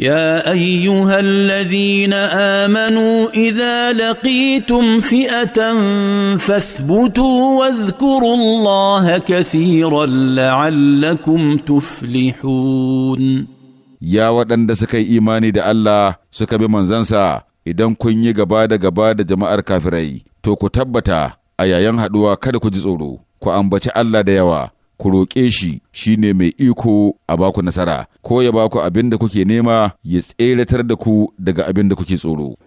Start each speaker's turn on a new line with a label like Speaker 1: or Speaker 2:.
Speaker 1: يا ايها الذين امنوا اذا لقيتم فئه فاثبتوا واذكروا الله كثيرا لعلكم تفلحون
Speaker 2: يا waɗanda suka yi imani da Allah suka bi manzansa idan kun yi gaba da gaba da jama'ar kafirai to ku tabbata a yayin haɗuwa kada ku ji tsoro ku ambaci Allah da yawa ku roƙe shi shi ne mai iko a baku nasara ko ya baku abin da kuke nema ya tseratar da ku daga abin da kuke tsoro.